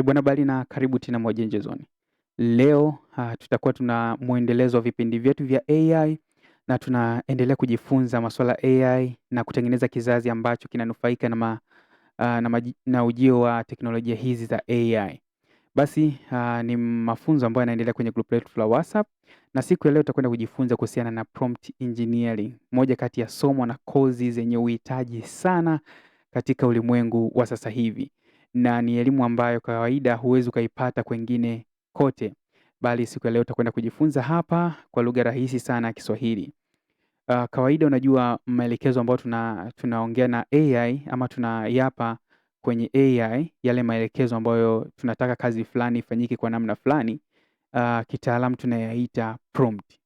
E bwana, bali na karibu tena Mwajenje Zone. Leo uh, tutakuwa tuna mwendelezo wa vipindi vyetu vya AI na tunaendelea kujifunza masuala AI na kutengeneza kizazi ambacho kinanufaika na, ma, uh, na, ma, na ujio wa teknolojia hizi za AI. Basi uh, ni mafunzo ambayo yanaendelea kwenye group letu la WhatsApp na siku ya leo tutakwenda kujifunza kuhusiana na prompt engineering, moja kati ya somo na kozi zenye uhitaji sana katika ulimwengu wa sasa hivi na ni elimu ambayo kawaida huwezi ukaipata kwengine kote, bali siku ya leo tutakwenda kujifunza hapa kwa lugha rahisi sana ya Kiswahili. Uh, kawaida unajua maelekezo ambayo tuna tunaongea na AI ama tunayapa kwenye AI yale maelekezo ambayo tunataka kazi fulani ifanyike kwa namna fulani, uh, kitaalamu tunayaita prompt.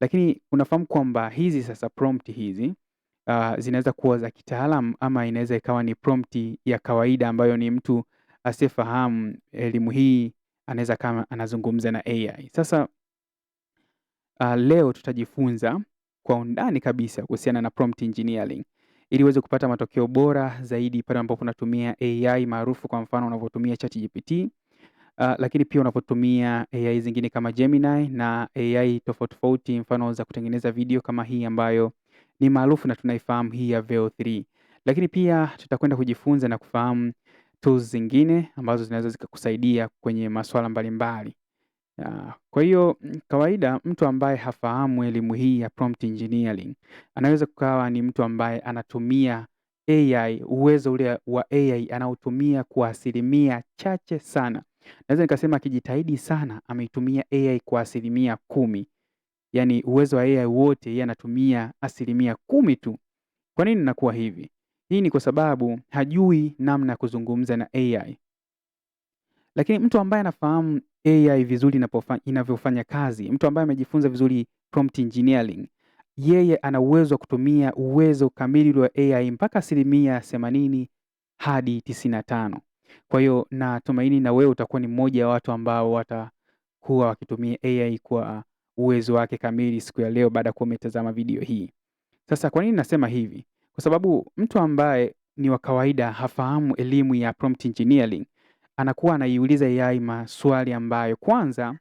Lakini unafahamu kwamba hizi sasa prompt hizi uh, zinaweza kuwa za kitaalam ama inaweza ikawa ni prompt ya kawaida ambayo ni mtu asiyefahamu elimu hii anaweza kama anazungumza na AI. Sasa uh, leo tutajifunza kwa undani kabisa kuhusiana na prompt engineering ili uweze kupata matokeo bora zaidi pale ambapo unatumia AI maarufu, kwa mfano unavyotumia ChatGPT uh, lakini pia unapotumia AI zingine kama Gemini na AI tofauti tofauti, mfano za kutengeneza video kama hii ambayo ni maarufu na tunaifahamu hii ya VEO3, lakini pia tutakwenda kujifunza na kufahamu tools zingine ambazo zinaweza zikakusaidia kwenye masuala mbalimbali. Kwa hiyo mm, kawaida, mtu ambaye hafahamu elimu hii ya prompt engineering anaweza kukawa ni mtu ambaye anatumia AI, uwezo ule wa AI anautumia kwa asilimia chache sana. Naweza nikasema akijitahidi sana ameitumia AI kwa asilimia kumi yani uwezo wa AI wote yeye anatumia asilimia kumi tu. Kwa nini inakuwa hivi? Hii ni kwa sababu hajui namna ya kuzungumza na AI. Lakini mtu ambaye anafahamu AI vizuri inavyofanya kazi, mtu ambaye amejifunza vizuri prompt engineering, yeye ana uwezo wa kutumia uwezo kamili wa AI mpaka asilimia themanini hadi tisini na tano. Kwa hiyo natumaini na wewe utakuwa ni mmoja wa watu ambao watakuwa wakitumia AI kwa uwezo wake kamili siku ya leo baada ya kuwa umetazama video hii. Sasa kwa nini nasema hivi? Kwa sababu mtu ambaye ni wa kawaida hafahamu elimu ya prompt engineering anakuwa anaiuliza AI maswali ambayo kwanza,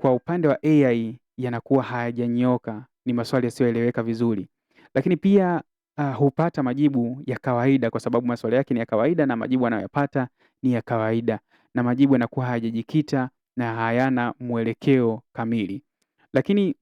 kwa upande wa AI yanakuwa hayajanyoka, ni maswali yasiyoeleweka vizuri, lakini pia uh, hupata majibu ya kawaida kwa sababu maswali yake ni ya kawaida na majibu anayoyapata ni ya kawaida, na majibu yanakuwa hayajajikita na hayana mwelekeo kamili. Lakini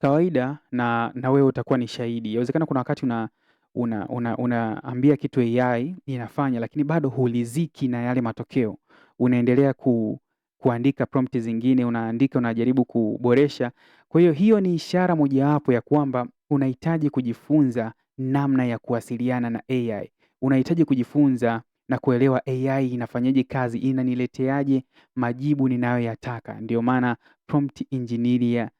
kawaida na na wewe utakuwa ni shahidi. Yawezekana kuna wakati una una una unaambia kitu AI inafanya lakini bado huliziki na yale matokeo. Unaendelea ku kuandika prompt zingine, unaandika, unajaribu kuboresha. Kwa hiyo, hiyo ni ishara mojawapo ya kwamba unahitaji kujifunza namna ya kuwasiliana na AI. Unahitaji kujifunza na kuelewa AI inafanyaje kazi, inanileteaje majibu ninayoyataka. Ndio maana prompt engineer,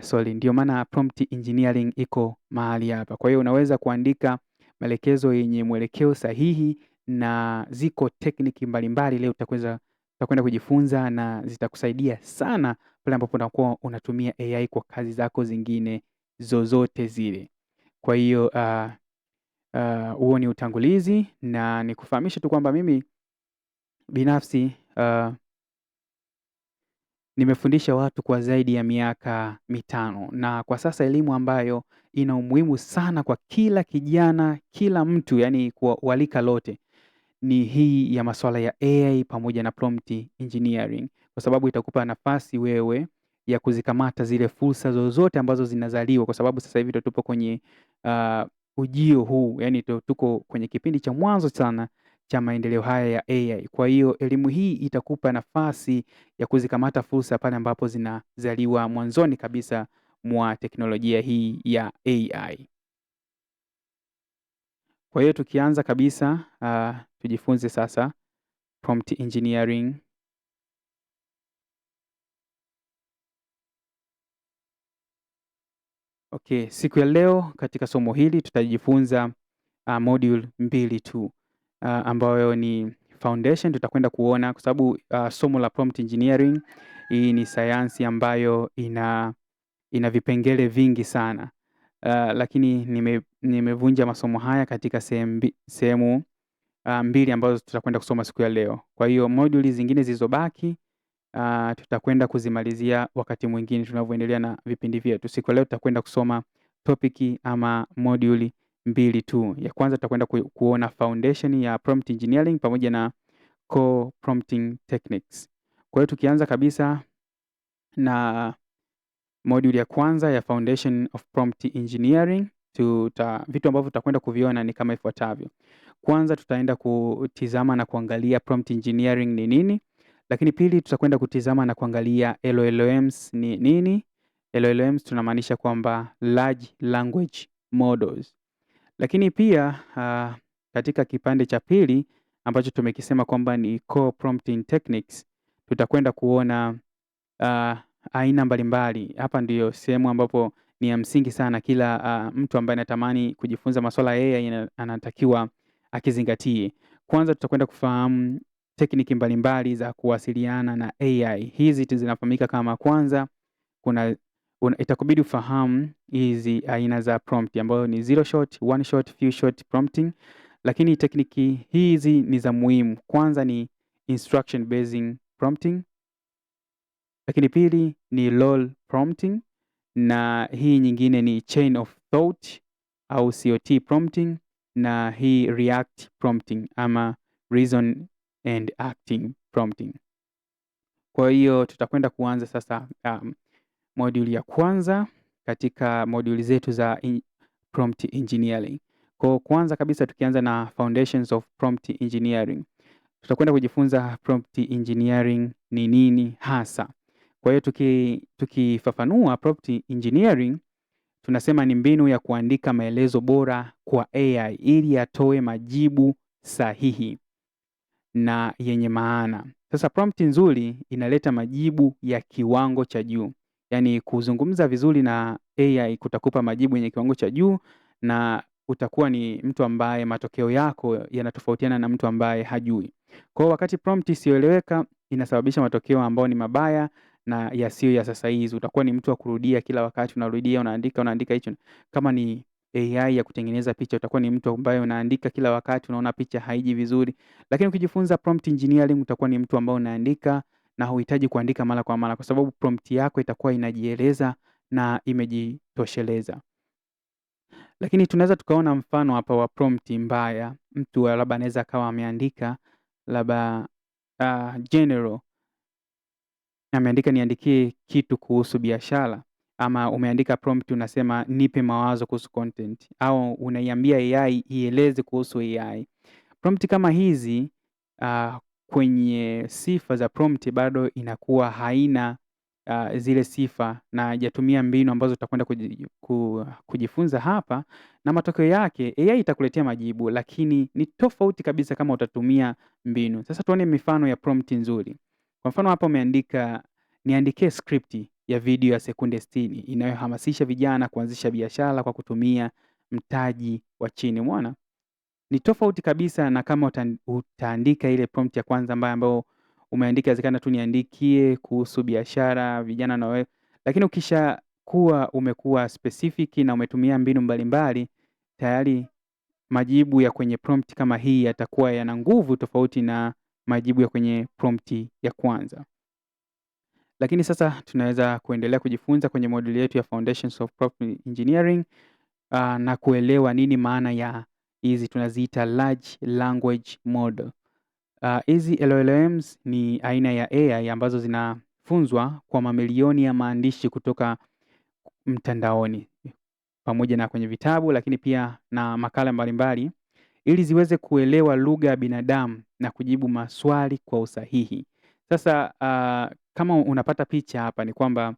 sorry, ndio maana prompt engineering iko mahali hapa. Kwa hiyo unaweza kuandika maelekezo yenye mwelekeo sahihi na ziko tekniki mbalimbali leo utakweza utakwenda kujifunza na zitakusaidia sana pale ambapo unakuwa unatumia AI kwa kazi zako zingine zozote zile. Kwa hiyo uh, Eh, huo ni utangulizi na ni kufahamisha tu kwamba mimi binafsi uh, nimefundisha watu kwa zaidi ya miaka mitano na kwa sasa elimu ambayo ina umuhimu sana kwa kila kijana, kila mtu, yani kwa walika lote ni hii ya masuala ya AI pamoja na prompt engineering, kwa sababu itakupa nafasi wewe ya kuzikamata zile fursa zozote ambazo zinazaliwa, kwa sababu sasa hivi tupo kwenye uh, ujio huu, yani tuko kwenye kipindi cha mwanzo sana cha maendeleo haya ya AI. Kwa hiyo elimu hii itakupa nafasi ya kuzikamata fursa pale ambapo zinazaliwa mwanzoni kabisa mwa teknolojia hii ya AI. Kwa hiyo tukianza kabisa, uh, tujifunze sasa prompt engineering Okay, siku ya leo katika somo hili tutajifunza uh, module mbili tu uh, ambayo ni foundation tutakwenda kuona kwa sababu uh, somo la prompt engineering hii ni sayansi ambayo ina ina vipengele vingi sana uh, lakini nime, nimevunja masomo haya katika sehemu uh, mbili ambazo tutakwenda kusoma siku ya leo. Kwa hiyo moduli zingine zilizobaki uh, tutakwenda kuzimalizia wakati mwingine tunavyoendelea na vipindi vyetu. Siku ya leo tutakwenda kusoma topiki ama moduli mbili tu. Ya kwanza tutakwenda ku, kuona foundation ya prompt engineering pamoja na core prompting techniques. Kwa hiyo tukianza kabisa na moduli ya kwanza ya foundation of prompt engineering tuta, vitu ambavyo tutakwenda kuviona ni kama ifuatavyo. Kwanza tutaenda kutizama na kuangalia prompt engineering ni nini, lakini pili, tutakwenda kutizama na kuangalia LLMs ni nini. LLMs tunamaanisha kwamba large language models. Lakini pia uh, katika kipande cha pili ambacho tumekisema kwamba ni core prompting techniques, tutakwenda kuona uh, aina mbalimbali. Hapa ndiyo sehemu ambapo ni ya msingi sana, kila uh, mtu ambaye anatamani kujifunza masuala ya AI anatakiwa akizingatie. Kwanza tutakwenda kufahamu tekniki mbalimbali za kuwasiliana na AI. Hizi zinafahamika kama kwanza, kuna una, itakubidi ufahamu hizi aina za prompt ambayo ni zero shot, one shot, few shot prompting, lakini tekniki hizi ni za muhimu. Kwanza ni instruction based prompting, lakini pili ni LOL prompting, na hii nyingine ni chain of thought au COT prompting, na hii react prompting ama reason and acting prompting. Kwa hiyo tutakwenda kuanza sasa um, moduli ya kwanza katika moduli zetu za in, prompt engineering. Kwa kwanza kabisa tukianza na foundations of prompt engineering. Tutakwenda kujifunza prompt engineering ni nini hasa. Kwa hiyo tuki, tukifafanua prompt engineering tunasema ni mbinu ya kuandika maelezo bora kwa AI ili atoe majibu sahihi na yenye maana. Sasa prompt nzuri inaleta majibu ya kiwango cha juu, yaani kuzungumza vizuri na AI kutakupa majibu yenye kiwango cha juu na utakuwa ni mtu ambaye matokeo yako yanatofautiana na mtu ambaye hajui. Kwa wakati prompt isiyoeleweka inasababisha matokeo ambayo ni mabaya na yasiyo ya sasa hizi. Utakuwa ni mtu wa kurudia kila wakati, unarudia unaandika unaandika hicho kama ni AI ya kutengeneza picha, utakuwa ni mtu ambaye unaandika kila wakati, unaona picha haiji vizuri. Lakini ukijifunza prompt engineering utakuwa ni mtu ambaye unaandika na huhitaji kuandika mara kwa mara, kwa sababu prompt yako itakuwa inajieleza na imejitosheleza. Lakini tunaweza tukaona mfano hapa wa prompt mbaya. Mtu labda anaweza akawa ameandika labda uh, general ameandika niandikie kitu kuhusu biashara, ama umeandika prompt unasema nipe mawazo kuhusu content au unaiambia AI ieleze kuhusu AI. Prompt kama hizi uh, kwenye sifa za prompt bado inakuwa haina uh, zile sifa na hajatumia mbinu ambazo tutakwenda kujifunza hapa, na matokeo yake AI itakuletea majibu, lakini ni tofauti kabisa kama utatumia mbinu. Sasa tuone mifano ya prompt nzuri. Kwa mfano hapa umeandika niandikie script ya video ya sekunde 60 inayohamasisha vijana kuanzisha biashara kwa kutumia mtaji wa chini. Umeona? Ni tofauti kabisa na kama utaandika ile prompt ya kwanza ambayo ambayo umeandika azikana tu niandikie kuhusu biashara vijana na wewe. Lakini ukisha kuwa umekuwa specific na umetumia mbinu mbalimbali tayari majibu ya kwenye prompt kama hii yatakuwa yana nguvu tofauti na majibu ya kwenye prompt ya kwanza. Lakini sasa tunaweza kuendelea kujifunza kwenye moduli yetu ya Foundations of Prompt Engineering uh, na kuelewa nini maana ya hizi tunaziita large language model. Ah, hizi uh, LLMs ni aina ya AI ambazo zinafunzwa kwa mamilioni ya maandishi kutoka mtandaoni pamoja na kwenye vitabu, lakini pia na makala mbalimbali ili ziweze kuelewa lugha ya binadamu na kujibu maswali kwa usahihi. Sasa uh, kama unapata picha hapa ni kwamba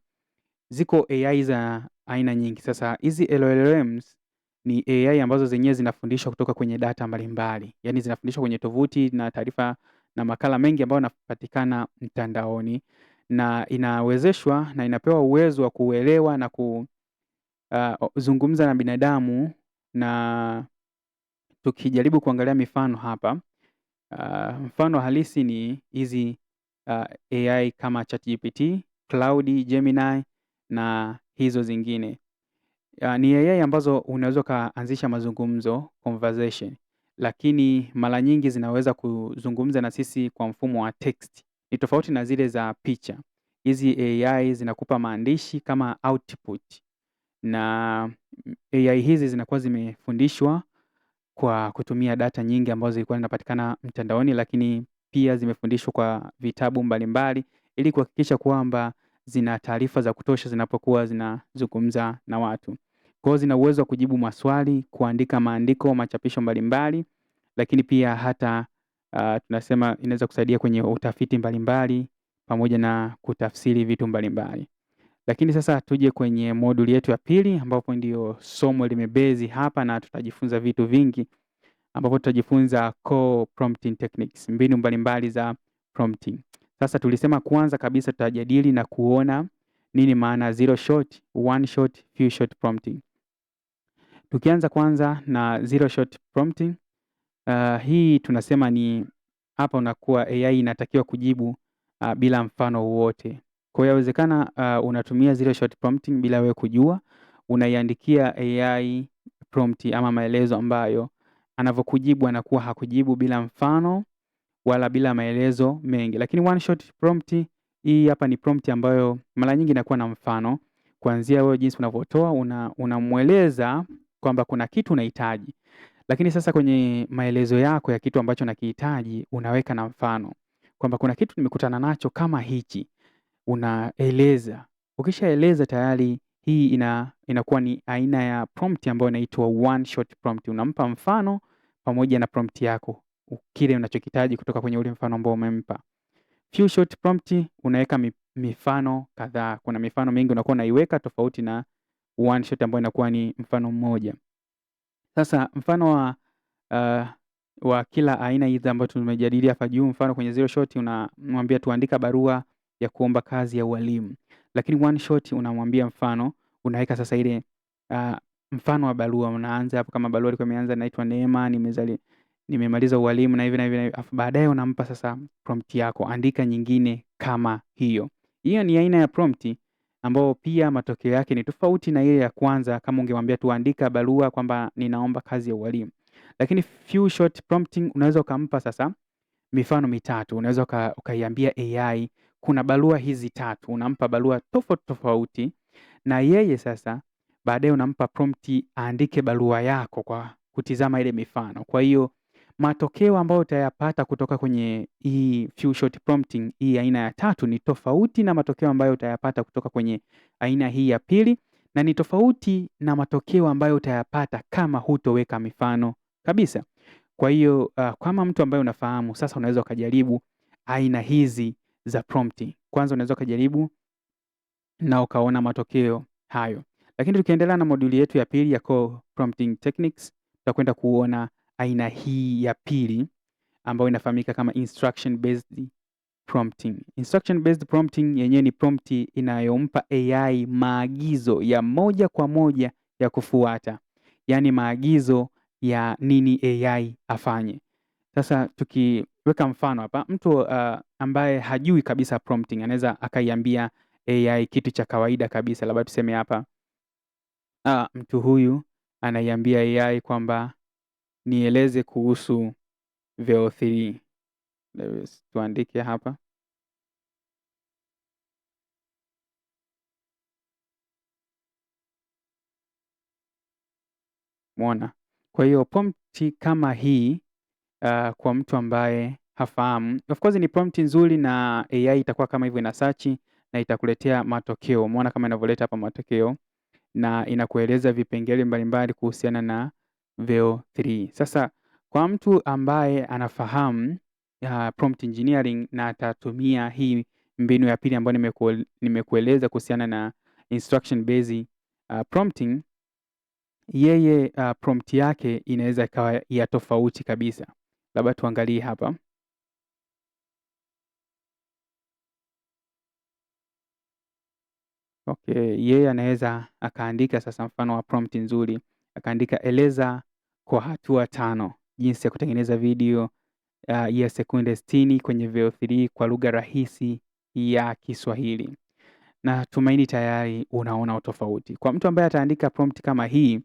ziko AI za aina nyingi. Sasa hizi LLMs ni AI ambazo zenyewe zinafundishwa kutoka kwenye data mbalimbali, yaani zinafundishwa kwenye tovuti na taarifa na makala mengi ambayo yanapatikana mtandaoni, na inawezeshwa na inapewa uwezo wa kuelewa na kuzungumza ah, na binadamu, na tukijaribu kuangalia mifano hapa, ah, mfano halisi ni hizi uh, AI kama ChatGPT, Cloud, Gemini na hizo zingine. Uh, ni AI ambazo unaweza ukaanzisha mazungumzo conversation, lakini mara nyingi zinaweza kuzungumza na sisi kwa mfumo wa text. Ni tofauti na zile za picha. Hizi AI zinakupa maandishi kama output, na AI hizi zinakuwa zimefundishwa kwa kutumia data nyingi ambazo zilikuwa zinapatikana mtandaoni, lakini pia zimefundishwa kwa vitabu mbalimbali ili kuhakikisha kwamba zina taarifa za kutosha zinapokuwa zinazungumza na watu. Kwa hiyo zina uwezo wa kujibu maswali, kuandika maandiko, machapisho mbalimbali, lakini pia hata uh, tunasema inaweza kusaidia kwenye utafiti mbalimbali pamoja na kutafsiri vitu mbalimbali. Lakini sasa tuje kwenye moduli yetu ya pili ambapo ndio somo limebezi hapa na tutajifunza vitu vingi ambapo tutajifunza core prompting techniques, mbinu mbalimbali za prompting. Sasa tulisema kwanza kabisa tutajadili na kuona nini maana zero shot, one shot, few shot prompting. Tukianza kwanza na zero shot prompting, uh, hii tunasema ni hapa unakuwa AI inatakiwa kujibu uh, bila mfano wowote. Kwa hiyo yawezekana uh, unatumia zero shot prompting bila wewe kujua, unaiandikia AI prompt ama maelezo ambayo anavyokujibu anakuwa hakujibu bila mfano wala bila maelezo mengi, lakini one shot prompt hii hapa ni prompt ambayo mara nyingi inakuwa na mfano kuanzia wewe jinsi unavyotoa unamweleza una kwamba kuna kitu unahitaji, lakini sasa kwenye maelezo yako ya kitu ambacho nakihitaji unaweka na mfano kwamba kuna kitu nimekutana nacho kama hichi, unaeleza. Ukishaeleza tayari hii ina inakuwa ni aina ya prompt ambayo inaitwa one shot prompt. Unampa mfano pamoja na prompt yako, kile unachokitaji kutoka kwenye ule mfano ambao umempa. Few shot prompt unaweka mifano kadhaa. Kuna mifano mingi unakuwa unaiweka tofauti na one shot ambayo inakuwa ni mfano mmoja. Sasa mfano wa uh, wa kila aina hizi ambazo tumejadilia hapa juu, mfano kwenye zero shot unamwambia tuandika barua ya kuomba kazi ya ualimu. Lakini one shot unamwambia mfano, unaweka sasa ile uh, mfano wa barua unaanza hapo, kama barua ilikuwa imeanza naitwa Neema, nimezali nimemaliza ualimu na hivi na hivi na hivi, afu baadaye unampa sasa prompt yako, andika nyingine kama hiyo. Hiyo ni aina ya prompt ambao pia matokeo yake ni tofauti na ile ya kwanza, kama ungemwambia tu andika barua kwamba ninaomba kazi ya ualimu. Lakini few short prompting unaweza ukampa sasa mifano mitatu, unaweza ukaiambia AI kuna barua hizi tatu, unampa barua tofauti tofauti, na yeye sasa baadaye unampa prompt aandike barua yako kwa kutizama ile mifano. Kwa hiyo matokeo ambayo utayapata kutoka kwenye hii few shot prompting hii aina ya tatu ni tofauti na matokeo ambayo utayapata kutoka kwenye aina hii ya pili, na ni tofauti na matokeo ambayo utayapata kama hutoweka mifano kabisa. Kwa hiyo uh, kama mtu ambaye unafahamu sasa, unaweza ukajaribu aina hizi za prompti. Kwanza unaweza ukajaribu na ukaona matokeo hayo, lakini tukiendelea na moduli yetu ya pili ya core prompting techniques, tutakwenda kuona aina hii ya pili ambayo inafahamika kama instruction based prompting. Instruction based prompting yenyewe ni prompt inayompa AI maagizo ya moja kwa moja ya kufuata, yaani maagizo ya nini AI afanye. Sasa tuki Weka mfano hapa, mtu uh, ambaye hajui kabisa prompting anaweza akaiambia AI kitu cha kawaida kabisa, labda tuseme hapa uh, mtu huyu anaiambia AI kwamba nieleze kuhusu vo 3. Tuandike hapa mwona. Kwa hiyo prompti kama hii uh, kwa mtu ambaye hafahamu. Of course ni prompt nzuri na AI itakuwa kama hivyo ina search na itakuletea matokeo. Umeona kama inavyoleta hapa matokeo na inakueleza vipengele mbalimbali kuhusiana na Veo 3. Sasa kwa mtu ambaye anafahamu uh, prompt engineering na atatumia hii mbinu ya pili ambayo nimekueleza kuhusiana na instruction based uh, prompting, yeye uh, prompt yake inaweza ikawa ya tofauti kabisa labda tuangalie hapa okay, yeye anaweza akaandika sasa mfano wa prompt nzuri, akaandika eleza kwa hatua tano jinsi ya kutengeneza video uh, ya sekunde 60 kwenye VO3 kwa lugha rahisi ya Kiswahili. na tumaini tayari unaona utofauti. Kwa mtu ambaye ataandika prompt kama hii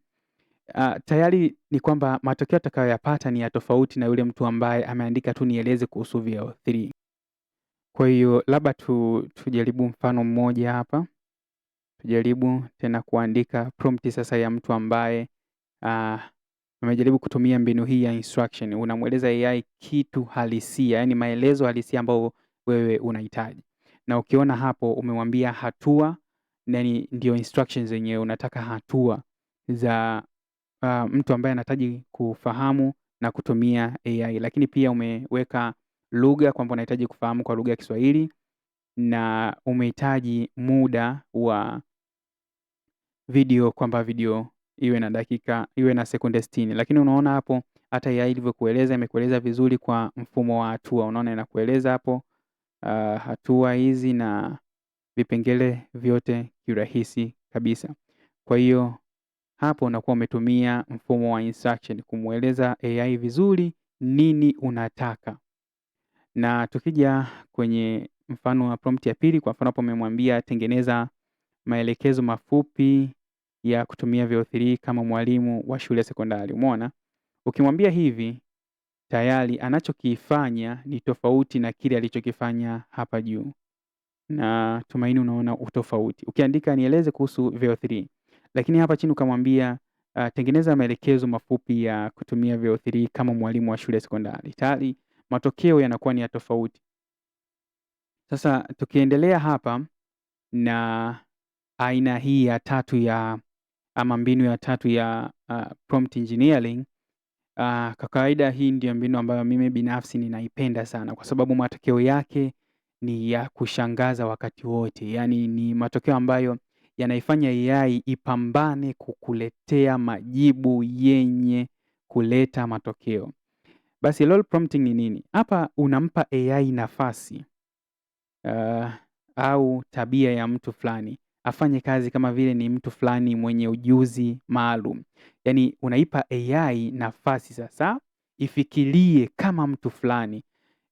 uh, tayari ni kwamba matokeo atakayoyapata ni ya tofauti na yule mtu ambaye ameandika tu nieleze kuhusu VO3. Kwa hiyo labda tu, tujaribu mfano mmoja hapa, tujaribu tena kuandika prompt sasa ya mtu ambaye uh, amejaribu kutumia mbinu hii ya instruction. Unamweleza AI kitu halisia, yani maelezo halisia ambayo wewe unahitaji, na ukiona hapo umemwambia hatua, yani ndio instructions zenyewe, unataka hatua za uh, mtu ambaye anahitaji kufahamu na kutumia AI, lakini pia umeweka lugha kwamba unahitaji kufahamu kwa lugha ya Kiswahili na umehitaji muda wa video kwamba video iwe na dakika iwe na sekunde sitini, lakini unaona hapo hata AI ilivyokueleza imekueleza vizuri kwa mfumo wa hatua. Unaona inakueleza hapo uh, hatua hizi na vipengele vyote kirahisi kabisa. Kwa hiyo hapo unakuwa umetumia mfumo wa instruction kumweleza AI vizuri nini unataka. Na tukija kwenye mfano wa prompt ya pili, kwa mfano hapo umemwambia tengeneza maelekezo mafupi ya kutumia VO3 kama mwalimu wa shule ya sekondari. Umeona, ukimwambia hivi tayari anachokifanya ni tofauti na kile alichokifanya hapa juu, na tumaini unaona utofauti. Ukiandika nieleze kuhusu VO3 lakini hapa chini ukamwambia uh, tengeneza maelekezo mafupi ya kutumia VO3 kama mwalimu wa shule ya sekondari. Tayari matokeo yanakuwa ni ya tofauti. Sasa tukiendelea hapa na aina hii ya tatu ya ama mbinu ya tatu ya uh, prompt engineering uh, kwa kawaida hii ndio mbinu ambayo mimi binafsi ninaipenda sana kwa sababu matokeo yake ni ya kushangaza wakati wote, yaani ni matokeo ambayo yanaifanya AI ipambane kukuletea majibu yenye kuleta matokeo. Basi role prompting ni nini? Hapa unampa AI nafasi uh, au tabia ya mtu fulani afanye kazi kama vile ni mtu fulani mwenye ujuzi maalum. Yaani unaipa AI nafasi sasa ifikirie kama mtu fulani.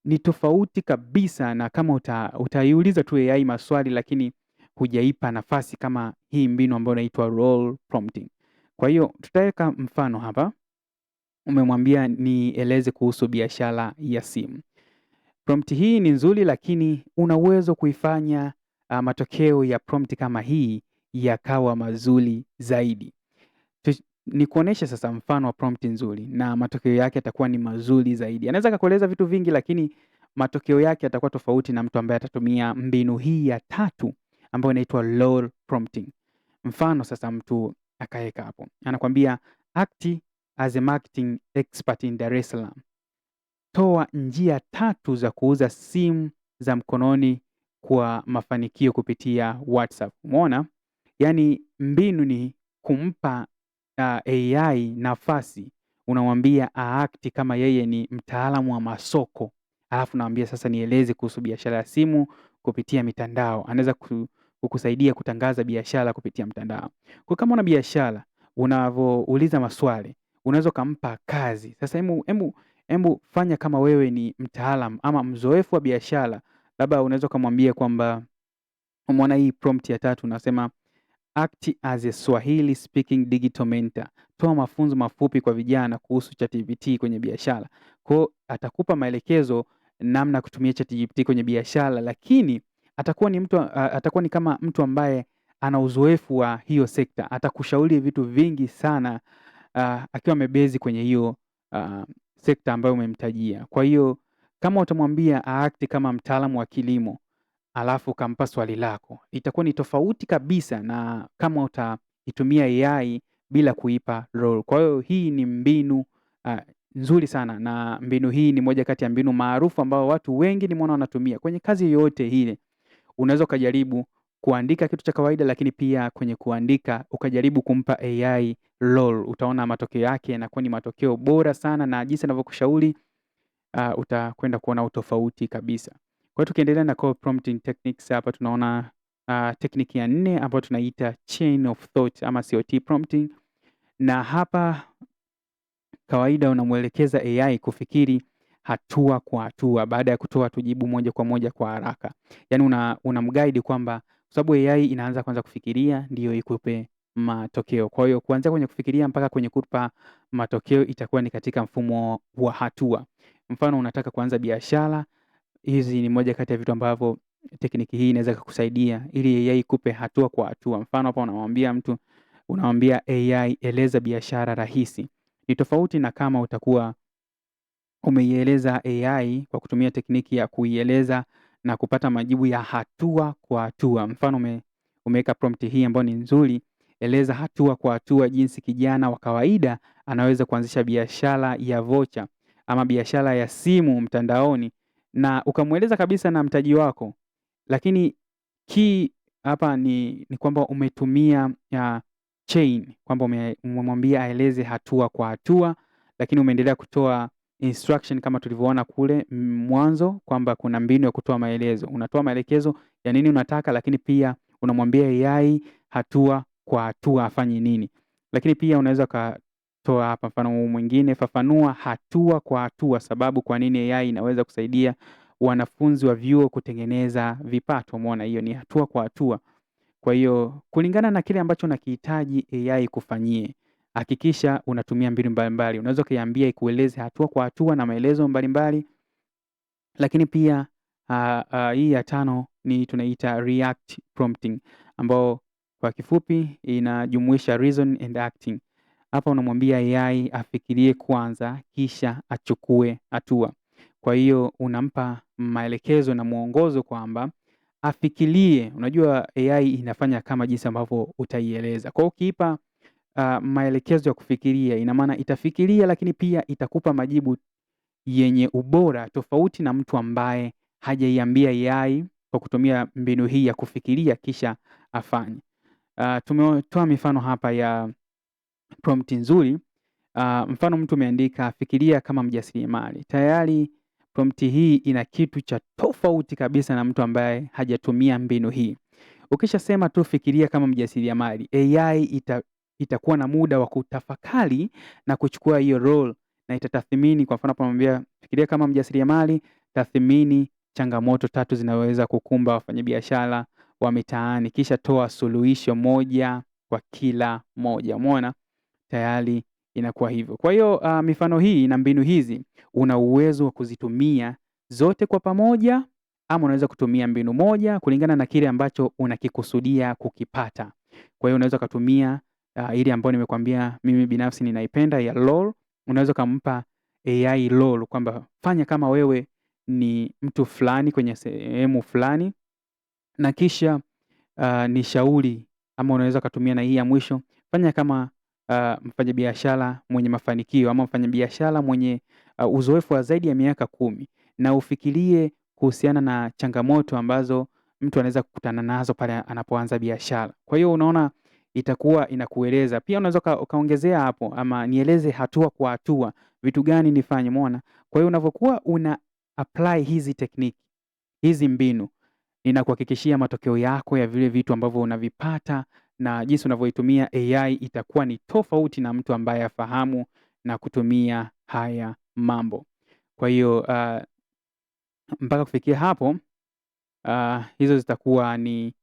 Ni tofauti kabisa na kama uta, utaiuliza tu AI maswali lakini hujaipa nafasi kama hii mbinu ambayo inaitwa role prompting. Kwa hiyo tutaweka mfano hapa, umemwambia nieleze kuhusu biashara ya simu. Prompt hii ni nzuri, lakini una uwezo kuifanya uh, matokeo ya prompt kama hii yakawa mazuri zaidi. Nikuoneshe sasa mfano wa prompt nzuri na matokeo yake yatakuwa ni mazuri zaidi. Anaweza kakueleza vitu vingi, lakini matokeo yake yatakuwa tofauti na mtu ambaye atatumia mbinu hii ya tatu ambayo inaitwa low prompting. Mfano sasa, mtu akaweka hapo, anakwambia act as a marketing expert in Dar es Salaam, toa njia tatu za kuuza simu za mkononi kwa mafanikio kupitia WhatsApp. Umeona, yaani mbinu ni kumpa uh, ah, AI nafasi, unamwambia aakti kama yeye ni mtaalamu wa masoko, alafu unamwambia sasa, nieleze kuhusu biashara ya simu kupitia mitandao. Anaweza ku, kukusaidia kutangaza biashara kupitia mtandao. Kwa kama una biashara unavouliza maswali, unaweza ukampa kazi. Sasa hebu hebu hebu fanya kama wewe ni mtaalam ama mzoefu wa biashara, labda unaweza ukamwambia kwamba umeona hii prompt ya tatu unasema act as a Swahili speaking digital mentor, toa mafunzo mafupi kwa vijana kuhusu ChatGPT kwenye biashara. Kwa atakupa maelekezo namna kutumia ChatGPT kwenye biashara, lakini atakuwa ni mtu atakuwa ni kama mtu ambaye ana uzoefu wa hiyo sekta, atakushauri vitu vingi sana uh, akiwa amebezi kwenye hiyo uh, sekta ambayo umemtajia. Kwa hiyo kama utamwambia aakti kama mtaalamu wa kilimo alafu ukampa swali lako, itakuwa ni tofauti kabisa na kama utaitumia AI bila kuipa role. Kwa hiyo hii ni mbinu uh, nzuri sana na mbinu hii ni moja kati ya mbinu maarufu ambao watu wengi nimeona wanatumia kwenye kazi yoyote ile unaweza ukajaribu kuandika kitu cha kawaida, lakini pia kwenye kuandika ukajaribu kumpa AI lol, utaona matokeo yake yanakuwa ni matokeo bora sana, na jinsi anavyokushauri uh, utakwenda kuona utofauti kabisa. Kwa hiyo tukiendelea na call prompting techniques, hapa tunaona uh, ah, tekniki ya nne ambayo tunaita chain of thought ama COT prompting, na hapa kawaida unamwelekeza AI kufikiri hatua kwa hatua baada ya kutoa tujibu moja kwa moja kwa haraka. Yaani una mguide kwamba kwa sababu AI inaanza kwanza kufikiria ndiyo ikupe matokeo. Kwa hiyo kuanzia kwenye kufikiria mpaka kwenye kupa matokeo itakuwa ni katika mfumo wa hatua. Mfano unataka kuanza biashara, hizi ni moja kati ya vitu ambavyo tekniki hii inaweza kukusaidia ili AI ikupe hatua kwa hatua. Mfano hapa unamwambia mtu unamwambia AI eleza biashara rahisi. Ni tofauti na kama utakuwa umeieleza AI kwa kutumia tekniki ya kuieleza na kupata majibu ya hatua kwa hatua. Mfano ume, umeweka prompt hii ambayo ni nzuri, eleza hatua kwa hatua jinsi kijana wa kawaida anaweza kuanzisha biashara ya vocha ama biashara ya simu mtandaoni na ukamweleza kabisa na mtaji wako. Lakini ki hapa ni, ni kwamba umetumia ya chain kwamba umemwambia aeleze hatua kwa hatua, lakini umeendelea kutoa instruction kama tulivyoona kule mwanzo kwamba kuna mbinu ya kutoa maelezo. Unatoa maelekezo ya nini unataka, lakini pia unamwambia AI hatua kwa hatua afanye nini. Lakini pia unaweza ukatoa hapa mfano mwingine, fafanua hatua kwa hatua sababu kwa nini AI inaweza kusaidia wanafunzi wa vyuo kutengeneza vipato. Umeona, hiyo ni hatua kwa hatua. Kwa hiyo kulingana na kile ambacho unakihitaji AI kufanyie hakikisha unatumia mbinu mbalimbali. Unaweza ukaiambia ikueleze hatua kwa hatua na maelezo mbalimbali, lakini pia uh, uh, hii ya tano ni tunaita react prompting, ambao kwa kifupi inajumuisha reason and acting. Hapa unamwambia AI afikirie kwanza, kisha achukue hatua. Kwa hiyo unampa maelekezo na mwongozo kwamba afikirie. Unajua AI inafanya kama jinsi ambavyo utaieleza. Kwa hiyo ukiipa uh, maelekezo ya kufikiria. Ina maana itafikiria, lakini pia itakupa majibu yenye ubora tofauti na mtu ambaye hajaiambia AI kwa kutumia mbinu hii ya kufikiria kisha afanye. Uh, tumetoa mifano hapa ya prompt nzuri. Uh, mfano mtu umeandika fikiria kama mjasiriamali. Tayari prompt hii ina kitu cha tofauti kabisa na mtu ambaye hajatumia mbinu hii. Ukishasema tu fikiria kama mjasiriamali, AI ita itakuwa na muda wa kutafakari na kuchukua hiyo role na itatathmini. Kwa mfano, pamwambia fikiria kama mjasiriamali, tathmini changamoto tatu zinaweza kukumba wafanyabiashara wa mitaani, kisha toa suluhisho moja kwa kila moja. Umeona, tayari inakuwa hivyo. Kwa hiyo uh, mifano hii na mbinu hizi una uwezo wa kuzitumia zote kwa pamoja, ama unaweza kutumia mbinu moja kulingana na kile ambacho unakikusudia kukipata. Kwa hiyo unaweza ukatumia uh, ile ambayo nimekwambia mimi binafsi ninaipenda ya LOL. Unaweza ukampa AI LOL kwamba fanya kama wewe ni mtu fulani kwenye sehemu fulani, na kisha uh, ni shauri ama unaweza ukatumia na hii ya mwisho, fanya kama uh, mfanyabiashara mwenye mafanikio ama mfanyabiashara mwenye uh, uzoefu wa zaidi ya miaka kumi, na ufikirie kuhusiana na changamoto ambazo mtu anaweza kukutana nazo pale anapoanza biashara. Kwa hiyo unaona itakuwa inakueleza. Pia unaweza ukaongezea hapo ama nieleze hatua kwa hatua vitu gani nifanye, umeona? Kwa hiyo unavyokuwa una apply hizi tekniki, hizi mbinu, ninakuhakikishia matokeo yako ya vile vitu ambavyo unavipata na jinsi unavyoitumia AI itakuwa ni tofauti na mtu ambaye afahamu na kutumia haya mambo. Kwa hiyo uh, mpaka kufikia hapo uh, hizo zitakuwa ni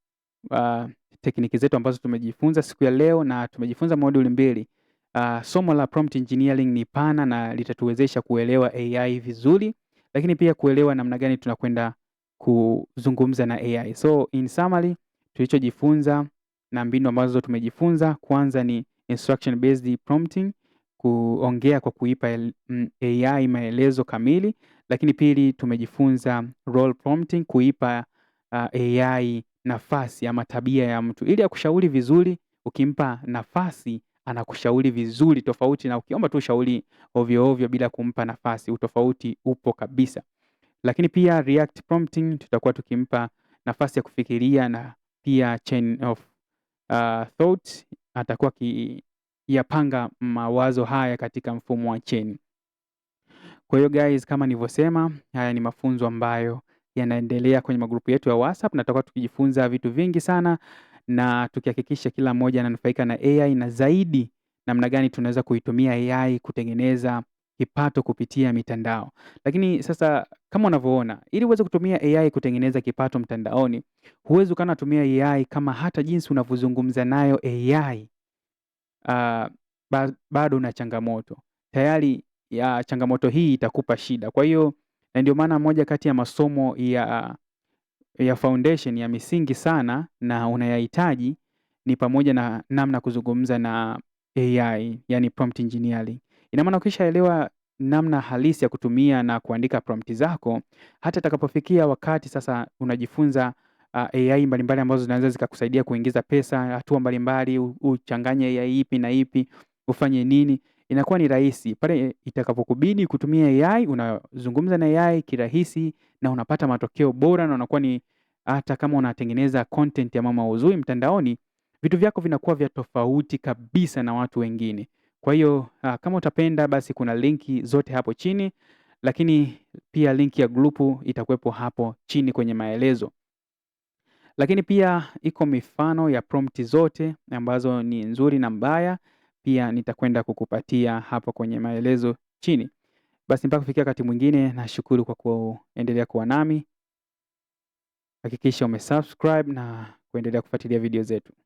uh, tekniki zetu ambazo tumejifunza siku ya leo na tumejifunza moduli mbili. Uh, somo la prompt engineering ni pana na litatuwezesha kuelewa AI vizuri, lakini pia kuelewa namna gani tunakwenda kuzungumza na AI. So in summary, tulichojifunza na mbinu ambazo tumejifunza, kwanza ni instruction based prompting, kuongea kwa kuipa mm, AI maelezo kamili, lakini pili tumejifunza role prompting, kuipa uh, ah, AI nafasi ama tabia ya mtu. Ili akushauri vizuri, ukimpa nafasi anakushauri vizuri, tofauti na ukiomba tu ushauri ovyo ovyo bila kumpa nafasi. Utofauti upo kabisa. Lakini pia react prompting tutakuwa tukimpa nafasi ya kufikiria na pia chain of uh, thought atakuwa akiyapanga mawazo haya katika mfumo wa chain. Kwa hiyo guys, kama nilivyosema, haya ni mafunzo ambayo yanaendelea kwenye magrupu yetu ya WhatsApp na tutakuwa tukijifunza vitu vingi sana na tukihakikisha kila mmoja ananufaika na AI na zaidi namna gani tunaweza kuitumia AI kutengeneza kipato kupitia mitandao. Lakini sasa kama unavyoona, ili uweze kutumia AI kutengeneza kipato mtandaoni, huwezi ukawa unatumia AI kama hata jinsi unavyozungumza nayo AI uh, ah, bado una changamoto tayari. Ya ah, changamoto hii itakupa shida, kwa hiyo na ndio maana moja kati ya masomo ya ya foundation ya misingi sana na unayahitaji ni pamoja na namna kuzungumza na AI, yani prompt engineering. Ina maana ukishaelewa namna halisi ya kutumia na kuandika prompt zako, hata itakapofikia wakati sasa unajifunza uh, AI mbalimbali ambazo zinaweza zikakusaidia kuingiza pesa, hatua mbalimbali, uchanganye AI ipi na ipi, ufanye nini inakuwa ni rahisi pale itakapokubidi kutumia AI, unazungumza na AI kirahisi na unapata matokeo bora, na unakuwa ni hata kama unatengeneza content ya mamauzui mtandaoni, vitu vyako vinakuwa vya tofauti kabisa na watu wengine. Kwa hiyo ah, kama utapenda, basi kuna linki zote hapo chini, lakini pia linki ya grupu itakuwepo hapo chini kwenye maelezo. Lakini pia iko mifano ya prompt zote ambazo ni nzuri na mbaya pia nitakwenda kukupatia hapo kwenye maelezo chini. Basi mpaka kufikia wakati mwingine, nashukuru kwa kuendelea kuwa nami. Hakikisha umesubscribe na kuendelea kufuatilia video zetu.